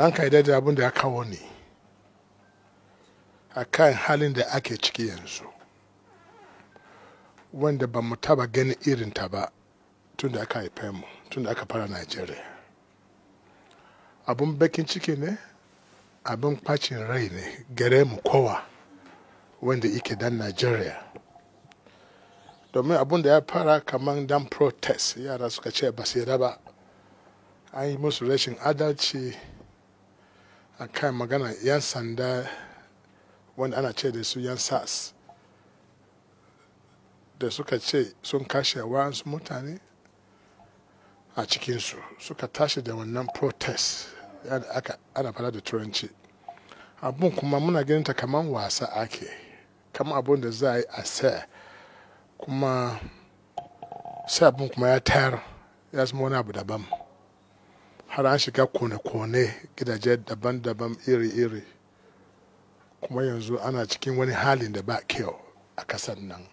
ranka ya da abin ya kawo ne a kan halin da ake ciki yanzu wanda ba mu taba ganin ta ba tun da aka haife mu tun da aka fara najeriya abun bakin ciki ne abin kwacin rai ne gare mu kowa wanda ike dan najeriya domin abun da ya fara kamar dan protest yara suka ce ba su raba an yi musu rashin adalci a kan magana 'yan sanda wanda ana ce da su 'yan sas da suka ce sun kashe wa'ansu mutane a cikinsu suka tashi da wannan protest ana fara da turanci abun kuma muna ganin ta kamar wasa ake kamar abun da za a yi a sa kuma sai abun kuma ya tayar ya zama wani abu daban har an shiga kone-kone gidaje daban-daban iri-iri kuma yanzu ana cikin wani halin da ba kyau a kasan nan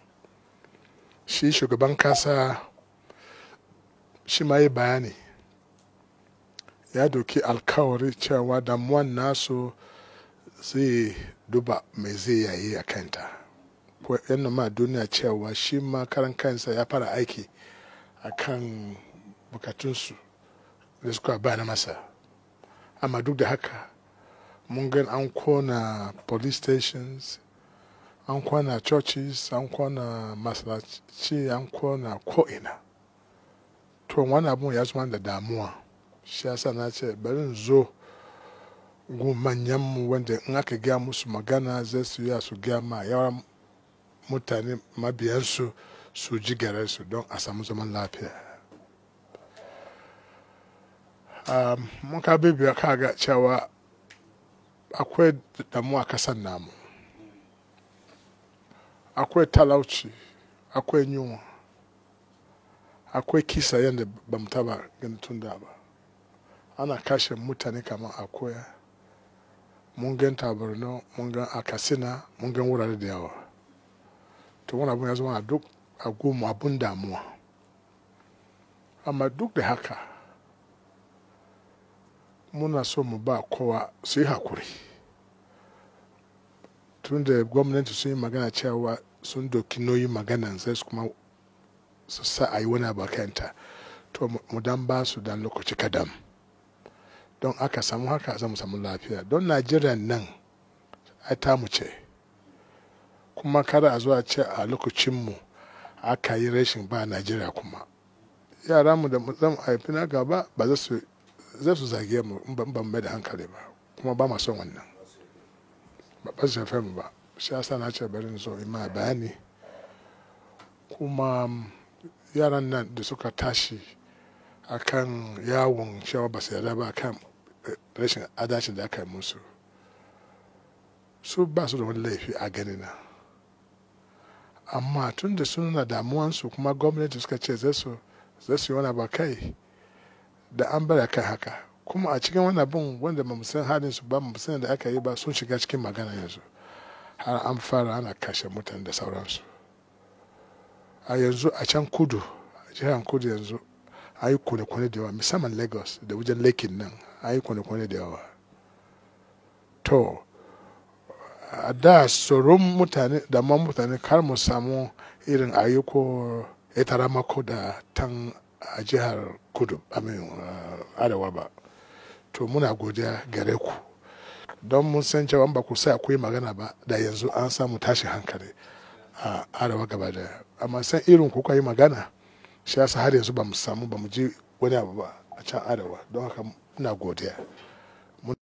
shi shugaban kasa shi ma yi bayani ya doki alkawari cewa damuwan nasu zai duba mai zai yayi a kanta yana ma duniya cewa shi ma karan kansa ya fara aiki a kan bukatunsu da suka bani masa amma duk da haka mun gan an kona police stations an kona churches an kona masalaci an kona ko'ina to wani abun ya zama da damuwa shi yasa na ce bari in zo gun manyanmu wanda in aka gaya musu magana zai su yi su gaya ma yawan mutane mabiyansu su ji su don a samu zaman lafiya Um, mun ka bibiya ka ga cewa akwai damuwa kasan namu akwai talauci akwai yunwa akwai kisa yadda ba mu taba ganin tun da ba ana kashe mutane kamar akwai mun gan taburno mun gan akasina mun gan wurare da yawa to wani abun ya zama a duk a goma abun damuwa amma duk da haka muna so mu ba kowa su yi hakuri tun da gwamnati sun yi magana cewa sun doki noyi magana zai su kuma su sa a yi wani abokanta to mu dan ba su dan lokaci kadam don aka samu haka za mu samu lafiya don najeriya nan ai mu ce kuma kada a zuwa ce a lokacinmu aka yi rashin ba najeriya kuma mu da mu zama haifi na gaba ba za su zai su zage mu in ban mai da hankali ba kuma ba ma son wannan ba ba su mu ba shi yasa na ce bari so in ma bayani kuma mm, yaran nan da suka tashi akan yawon shawar ba su yarda ba kan eh, rashin adashin da aka yi musu su ba su da wani laifi a gani na amma tun da suna damuwansu kuma gwamnati suka ce zai su yi wani ba kai da an bara kai haka kuma a cikin wani abin wanda ba san halin su ba mu da aka yi ba sun shiga cikin magana yanzu har an fara ana kashe mutane da sauransu a yanzu a can kudu a jihar kudu yanzu a yi kone-kone da yawa musamman lagos da wajen lekin nan a yi kone-kone da yawa to a da tsoron mutane da ma mutane kar mu samu irin ayyuko ya taramako da tan a jihar kudu amin uh, arewa ba to muna godiya gare ku don mun san cewa ba ku sa ku yi magana ba da yanzu an samu tashi hankali a arewa gaba daya amma san irin kuka yi magana shi yasa har yanzu ba mu samu ba mu ji wani abu ba a can arewa don haka muna godiya